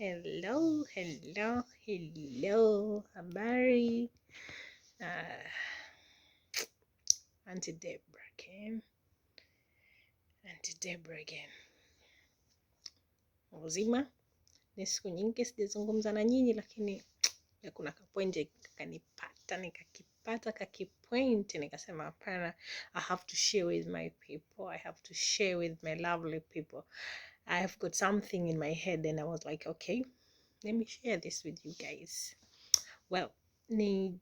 Hello, hello, hello, habari uh, Auntie Debra again. Auntie Debra again. Uzima, ni siku nyingi sijazungumza na nyinyi, lakini kuna kapwenje kanipata nikakipata kakipwenti nikasema hapana, I have to share with my people, I have to share with my lovely people I've got something in my head and I was like, okay, let me share this with you guys. Well, ni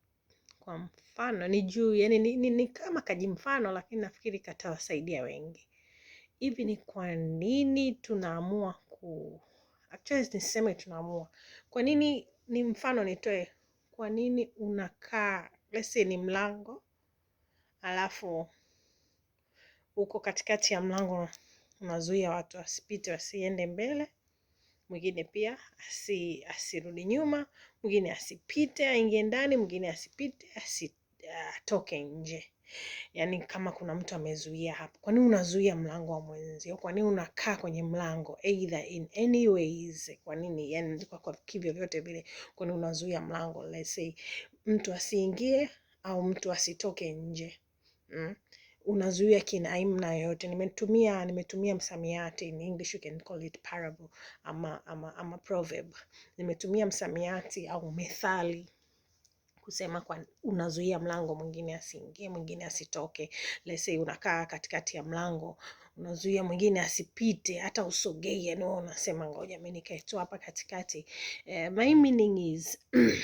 kwa mfano ni juu yani ni, ni, ni kama kajimfano, lakini nafikiri katawasaidia wengi. Hivi ni kwa nini tunaamua ku actually, niseme tunaamua kwa nini? Ni mfano nitoe, kwa nini unakaa lese, ni mlango alafu uko katikati ya mlango unazuia watu wasipite, wasiende mbele, mwingine pia asi, asirudi nyuma, mwingine asipite aingie ndani, mwingine asipite asitoke nje. Yaani kama kuna mtu amezuia hapo, kwa nini unazuia mlango wa mwenzio? Kwa nini unakaa kwenye mlango either in any ways? Kwa nini yani, kwa kivyo vyote vile, kwa nini unazuia mlango? Let's say mtu asiingie au mtu asitoke nje mm? unazuia kinaaimna yoyote. Nimetumia nimetumia msamiati, in English you can call it parable ama, ama, ama proverb. Nimetumia msamiati au methali kusema kwa unazuia mlango mwingine asiingie, mwingine asitoke. Let's say unakaa katikati ya mlango, unazuia mwingine asipite, hata usogee, Yani wewe unasema ngoja mimi nikae tu hapa katikati. Uh, my meaning is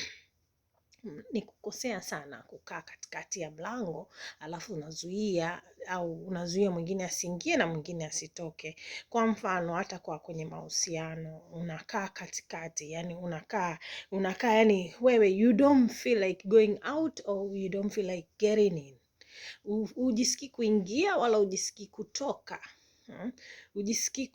Hmm, ni kukosea sana kukaa katikati ya mlango alafu unazuia au unazuia mwingine asiingie na mwingine asitoke. Kwa mfano hata kwa kwenye mahusiano unakaa katikati, yani unakaa unakaa, yani wewe you don't feel like going out or you don't feel like getting in, hujisikii kuingia wala hujisikii kutoka. Hmm. hujisikii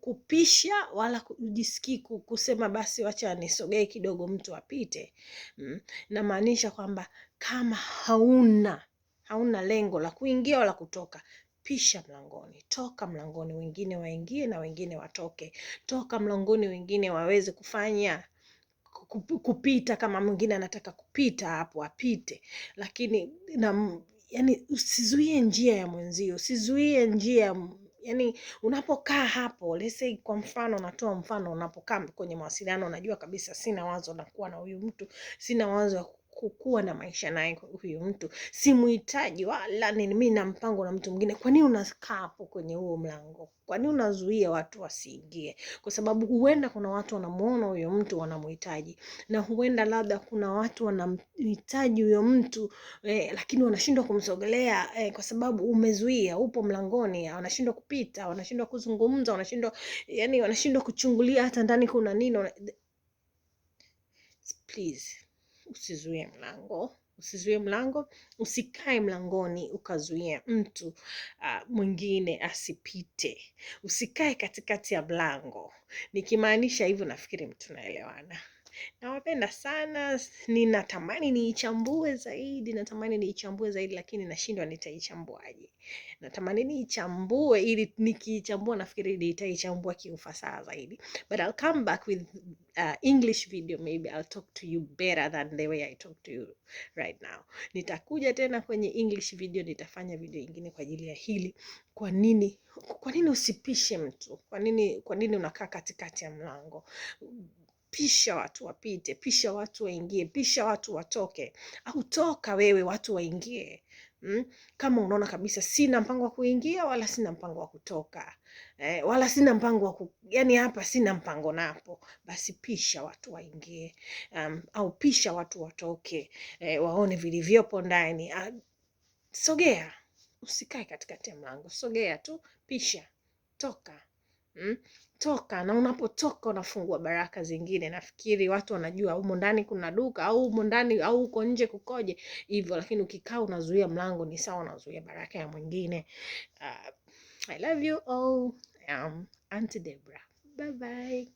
kupisha wala hujisikii kusema basi, wacha nisogee kidogo mtu apite. Hmm. Namaanisha kwamba kama hauna hauna lengo la kuingia wala kutoka pisha mlangoni, toka mlangoni, wengine waingie na wengine watoke. Toka mlangoni, wengine waweze kufanya kupita, kama mwingine anataka kupita hapo apite, lakini na, yani usizuie njia ya mwenzio, usizuie njia yani unapokaa hapo lese, kwa mfano natoa mfano unapokaa kwenye mawasiliano unajua kabisa sina wazo na kuwa na huyu mtu sina wazo kukuwa na maisha naye huyu mtu, simuhitaji wala nini, mimi na mpango na mtu mwingine. Kwa nini unakaa hapo kwenye huo mlango? Kwa nini unazuia watu wasiingie? Kwa sababu huenda kuna watu wanamuona huyo mtu wanamuhitaji, na huenda labda kuna watu wanamhitaji huyo mtu eh, lakini wanashindwa kumsogelea eh, kwa sababu umezuia, upo mlangoni, wanashindwa kupita, wanashindwa kuzungumza, wanashindwa yani, wanashindwa kuchungulia hata ndani kuna nini. Please usizuie mlango usizuie mlango, usikae mlangoni ukazuia mtu uh, mwingine asipite. Usikae katikati ya mlango. Nikimaanisha hivyo, nafikiri mtu naelewana nawapenda sana, ninatamani niichambue zaidi, natamani niichambue zaidi lakini nashindwa nitaichambuaje. Natamani niichambue ili nikiichambua nafikiri nitaichambua kiufasaha zaidi. But I'll come back with uh, English video maybe I'll talk to you better than the way I talk to you right now. Nitakuja tena kwenye English video, nitafanya video ingine kwa ajili ya hili. Kwa nini kwa nini usipishe mtu? Kwa nini kwa nini unakaa katikati ya mlango? pisha watu wapite, pisha watu waingie, pisha watu watoke, au toka wewe watu waingie. Mm? Kama unaona kabisa sina mpango wa kuingia wala sina mpango wa kutoka eh, wala sina mpango wa ku... yani hapa sina mpango napo, basi pisha watu waingie, um, au pisha watu watoke eh, waone vilivyopo ndani. Ah, sogea, usikae katikati ya mlango, sogea tu, pisha, toka. Mm? Toka na unapotoka unafungua baraka zingine. Nafikiri watu wanajua humo ndani kuna duka au humo ndani au huko nje kukoje hivyo, lakini ukikaa unazuia mlango ni sawa unazuia baraka ya mwingine. Uh, I love you all. am um, Auntie Debra. Bye bye.